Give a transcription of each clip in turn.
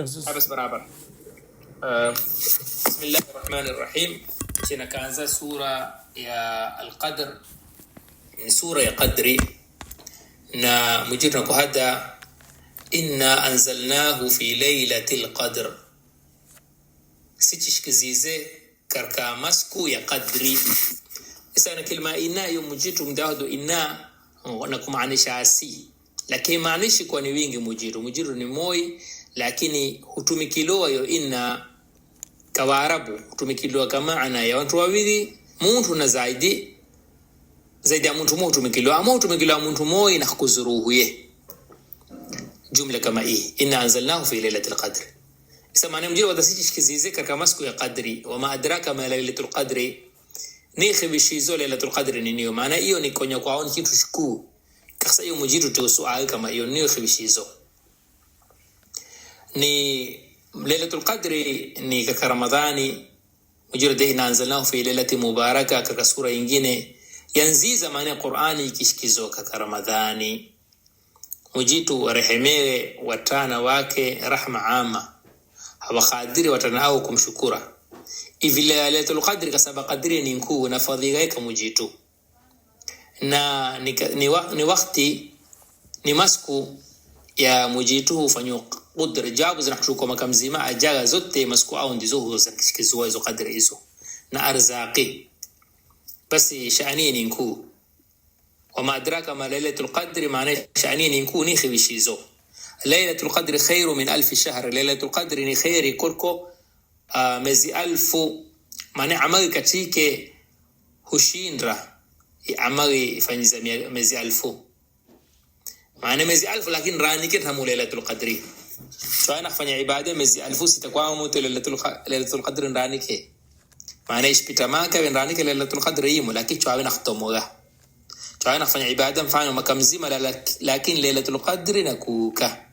Habas barabara. Uh, eh, bismillahi rahmani rahim. Tena kaanza sura ya Alqadr, ni sura ya qadri, na mujiri na kuhada inna anzalnahu fi lailati lqadr, sichishkizize karka masku ya qadri. Isana kilma ina yo mujitu mdahdo um ina na kumaanisha asi, lakini maanishi kwa ni wingi mujiru, mujiru ni moi lakini hutumikiliwa yo inna kawaarabu hutumikiliwa ana ya watu wawili muntu na zaidi zaidi ya muntu mo hutumikiliwa ama hutumikiliwa muntu moyi na hakuzuruhuye jumla kama hii inna anzalnahu fi lailati lqadri isa maana mjira wadasichishkizize katika masku ya qadri wama adraka ma lailatu lqadri nikhibishizo lailatu lqadri ni niyo maana hiyo ni konya nikonya kwaoni kitu shikuu kasa hiyo mujitu teusuayo kama iyo niyo khibishizo ni lailatul lqadri ni kaka ramadhani mujurada inaanzalahu fi lailati mubaraka kaka sura ingine yanziza maana ya qurani ikishikizo kaka ramadhani mujitu warehemewe watana wake rahma ama hawakhadiri watana au kumshukura ivi lailatul qadri kasaba qadri ni nkuu na fadhigaika mujitu na ni, ni, wa, ni wakti ni masku ya mujitu hufanyoka قدر جابز نحشو كما كم زيما جاغا زوتي مسكو اون دي زوهو زنكش كزوازو قدر ايسو نارزاقي بس شعنين ينكو وما أدراك ما ليلة القدر معناه شعنين ينكو نيخي بشيزو ليلة القدر خير من ألف شهر ليلة القدر نخيري كركو آه، مزي ألف معناه عمل كتيك هشين را عمل فنزا مزي ألف معناه مزي ألف لكن راني كتها ليلة القدر Sasa nafanya ibada mezi alfu sita kwa mtu lailatul qadr ndani ke maana ispita maka ndani ke lailatul qadr yimo lakini chawe nakhtomoga chawe nafanya ibada mfano maka mzima lakini lailatul qadr nakuka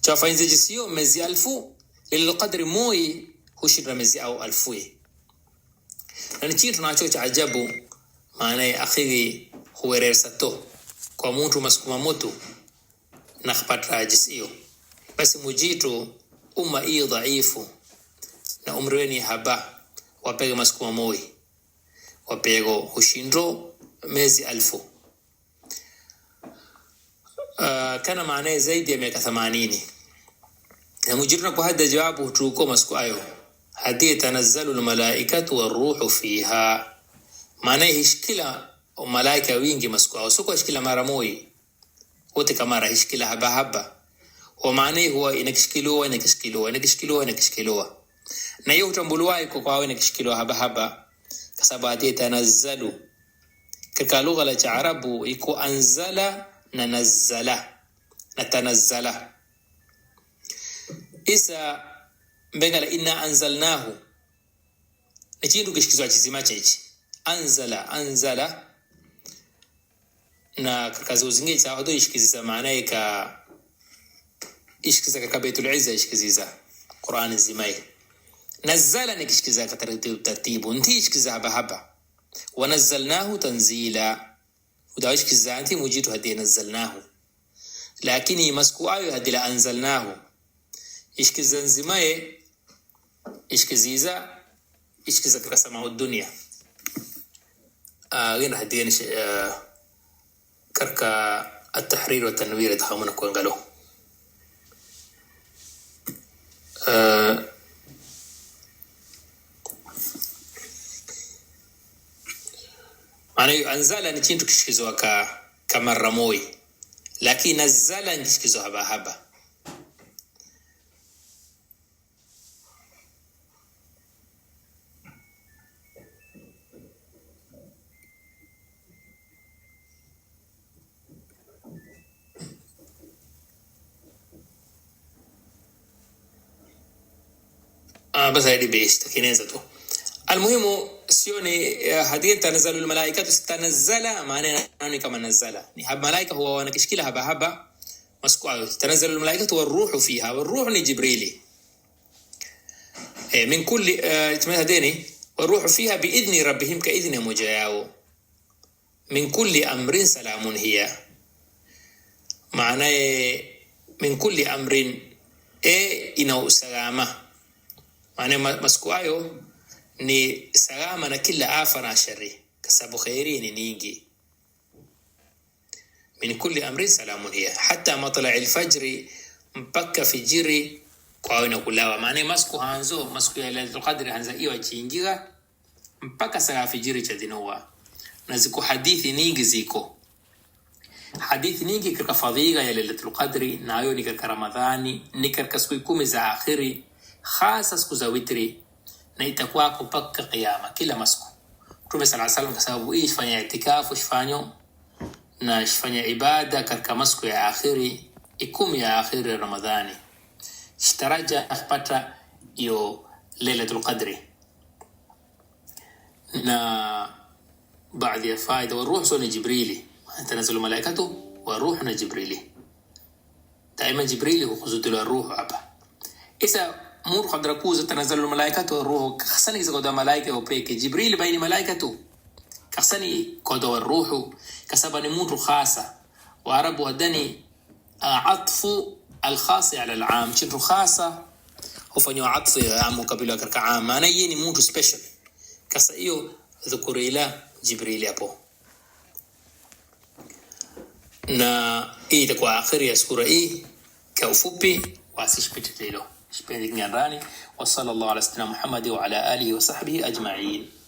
chawe fanya jisio mezi alfu lailatul qadr moi hushira mezi au alfu na chini tunacho cha ajabu maana akhiri kwa mtu masukuma moto na khapatra jisio basi mujitu umma iyo dhaifu na umri weni haba wapego masukuma moi wapego ushindro mezi alfu uh, kana maanaye zaidi ya miaka themanini na mujitu na kwa jawabu hutuko masuku ayo hadi tanazzalu almalaikatu waruhu fiha maanaye hishkila malaika wingi masiku ao soko hishkila mara moi wote kamara hishkila habahaba haba kwa maana hii huwa inakishikiliwa inakishikiliwa inakishikiliwa inakishikiliwa, na hiyo utambuliwa iko kwa inakishikiliwa haba haba, kwa sababu hadi tanazzalu katika lugha la Kiarabu iko anzala na nazzala na tanazzala isa mbengala inna anzalnahu ichindu kishikizwa chizima chechi anzala anzala na kakazi uzingi cha watu ishikizisa maana ishkiza katika Baitul Izza ishkiziza Qur'ani zimai nazala ni kishkiza katika taratibu nti ishkiza haba haba wa nazzalnahu tanzila udawish kizanti mujitu hadi nazzalnahu lakini masku ayo hadi la anzalnahu ishkiza nzimaye ishkiziza ishkiza katika samau dunia غير هدين كركا التحرير والتنوير يتخامون كون قالوا ana uh, maanayo anzala ni chintu kishikizo ka kamarramoi lakini nazala ni kishikizo habahaba آه بس هيدي بيشت كنيزته المهم سيوني هدين آه، تنزل الملائكة تنزل معناه أنا كما نزل يعني هب ملائكة هو وانا كشكلها هبا مسكوعة تنزل الملائكة والروح فيها والروح جبريلي إيه، من كل آه، اتمنى هديني والروح فيها بإذن ربهم كإذن مجاو من كل أمر سلام هي معناه من كل أمر إيه إنه سلامه maana masiku hayo ni salama na kila afa na shari, kwa sababu khairi ni nyingi. Min kulli amri salamu hiya hata matla alfajri, mpaka fijiri kwao kulawa Maana masiku hanzo masiku ya Lailatul Qadri hanza iwa chingira mpaka saa fijiri cha dinowa na ziko hadithi nyingi ziko hadithi nyingi katika fadhila ya Lailatul Qadri, nayo ni katika Ramadhani, ni katika siku kumi za akhiri hasa siku za witri na itakuwako mpaka kiama kila masiku. Mtume sala salam, kwa sababu hii ifanya itikafu ifanyo na ifanya ibada katika masiku ya akhiri ikumi ya akhiri ya Ramadhani shtaraja akpata iyo leilatulqadri na baadhi ya faida waruhu soni Jibrili tanazulu malaikatu waruhu na Jibrili daima Jibrili hukuzuduliwa ruhu hapa isa Mungu qadra kuza tanazzalu malaikatu ruhu kasani zagoda malaika wapeke Jibril baini malaika tu malaikatu kasani kodo ruhu kasaba ni Mungu khasa wa arabu wadani atfu alkhasi ala alam chindu khasa hufanyo atfu ya amu kabila karka am maana iye ni Mungu special kasa iyo dhukuri ila Jibril hapo na iye takwa akhiri ya skura hii kaufupi ufupi wasishipite hilo بين راني وصلى الله على سيدنا محمد وعلى آله وصحبه أجمعين